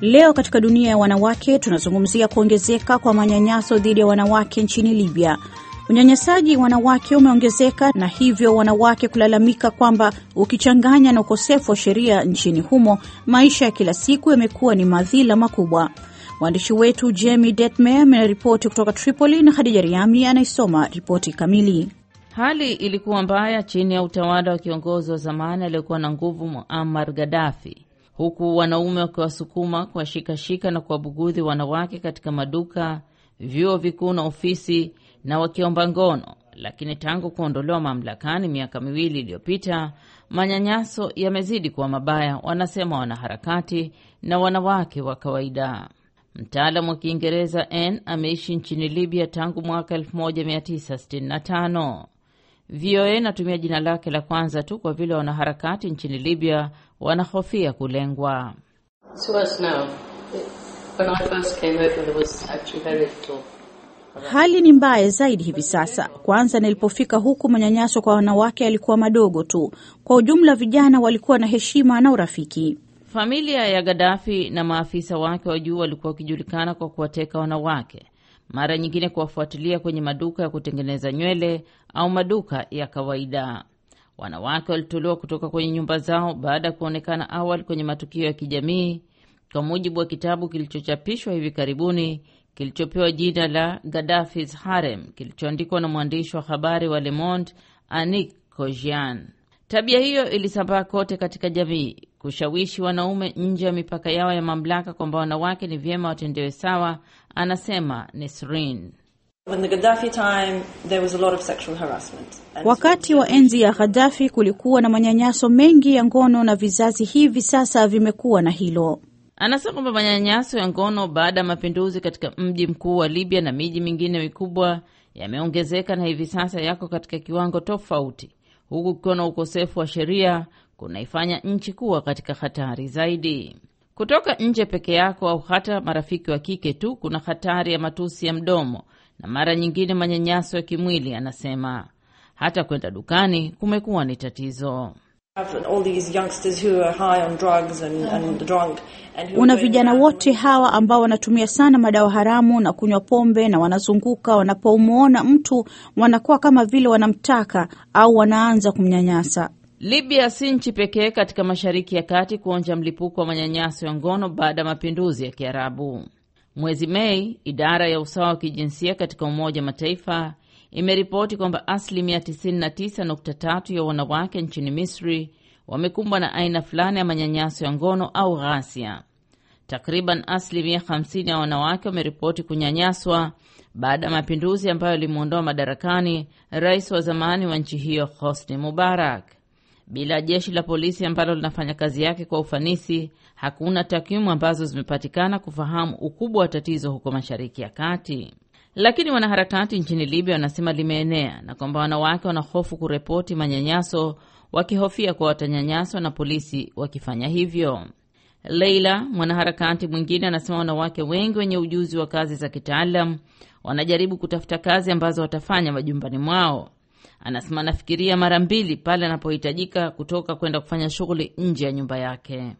Leo katika dunia ya wanawake tunazungumzia kuongezeka kwa manyanyaso dhidi ya wanawake nchini Libya. Unyanyasaji wanawake umeongezeka na hivyo wanawake kulalamika kwamba ukichanganya na ukosefu wa sheria nchini humo, maisha ya kila siku yamekuwa ni madhila makubwa. Mwandishi wetu Jemi Detme ameripoti kutoka Tripoli na Hadija Riami anaisoma ripoti kamili. Hali ilikuwa mbaya chini ya utawala wa kiongozi wa zamani aliyekuwa na nguvu Muammar Gaddafi huku wanaume wakiwasukuma kuwashikashika na kuwabugudhi wanawake katika maduka, vyuo vikuu na ofisi na wakiomba ngono. Lakini tangu kuondolewa mamlakani miaka miwili iliyopita, manyanyaso yamezidi kuwa mabaya, wanasema wanaharakati na wanawake wa kawaida. Mtaalamu wa Kiingereza N ameishi nchini Libya tangu mwaka 1965. VOA inatumia jina lake la kwanza tu kwa vile wanaharakati nchini Libya wanahofia kulengwa. Hali ni mbaya zaidi hivi sasa. Kwanza nilipofika huku, manyanyaso kwa wanawake yalikuwa madogo tu. Kwa ujumla, vijana walikuwa na heshima na urafiki. Familia ya Gaddafi na maafisa wake wa juu walikuwa wakijulikana kwa kuwateka wanawake, mara nyingine kuwafuatilia kwenye maduka ya kutengeneza nywele au maduka ya kawaida. Wanawake walitolewa kutoka kwenye nyumba zao baada ya kuonekana awali kwenye matukio ya kijamii, kwa mujibu wa kitabu kilichochapishwa hivi karibuni kilichopewa jina la Gaddafi's Harem, kilichoandikwa na mwandishi wa habari wa Le Monde Anik Kojian. Tabia hiyo ilisambaa kote katika jamii, kushawishi wanaume nje ya mipaka yao ya mamlaka kwamba wanawake ni vyema watendewe sawa, anasema Nesrin. Wakati wa enzi ya ghadafi kulikuwa na manyanyaso mengi ya ngono na vizazi hivi sasa vimekuwa na hilo. Anasema kwamba manyanyaso ya ngono baada ya mapinduzi katika mji mkuu wa Libya na miji mingine mikubwa yameongezeka na hivi sasa yako katika kiwango tofauti, huku kukiwa na ukosefu wa sheria kunaifanya nchi kuwa katika hatari zaidi. Kutoka nje peke yako au hata marafiki wa kike tu, kuna hatari ya matusi ya mdomo na mara nyingine manyanyaso ya kimwili. Anasema hata kwenda dukani kumekuwa ni tatizo. Una vijana wote hawa ambao wanatumia sana madawa haramu na kunywa pombe na wanazunguka, wanapomwona mtu wanakuwa kama vile wanamtaka au wanaanza kumnyanyasa. Libya si nchi pekee katika Mashariki ya Kati kuonja mlipuko wa manyanyaso ya ngono baada ya mapinduzi ya Kiarabu. Mwezi Mei, idara ya usawa wa kijinsia katika Umoja Mataifa imeripoti kwamba asilimia 99.3 ya wanawake nchini Misri wamekumbwa na aina fulani ya manyanyaso ya ngono au ghasia. Takriban asilimia 50 ya wanawake wameripoti kunyanyaswa baada ya mapinduzi ambayo yalimwondoa madarakani rais wa zamani wa nchi hiyo Hosni Mubarak. Bila jeshi la polisi ambalo linafanya kazi yake kwa ufanisi, hakuna takwimu ambazo zimepatikana kufahamu ukubwa wa tatizo huko Mashariki ya Kati. Lakini wanaharakati nchini Libya wanasema limeenea na kwamba wanawake wanahofu kuripoti manyanyaso, wakihofia kuwa watanyanyaswa na polisi wakifanya hivyo. Leila, mwanaharakati mwingine, anasema wanawake wengi wenye ujuzi wa kazi za kitaalam wanajaribu kutafuta kazi ambazo watafanya majumbani mwao Anasema anafikiria mara mbili pale anapohitajika kutoka kwenda kufanya shughuli nje ya nyumba yake.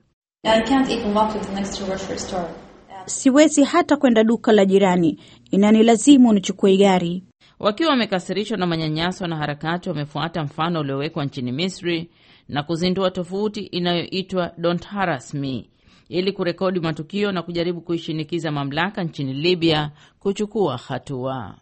Siwezi hata kwenda duka la jirani, inanilazimu nichukue gari. Wakiwa wamekasirishwa na manyanyaso, na harakati wamefuata mfano uliowekwa nchini Misri na kuzindua tovuti inayoitwa Don't Harass Me ili kurekodi matukio na kujaribu kuishinikiza mamlaka nchini Libya kuchukua hatua.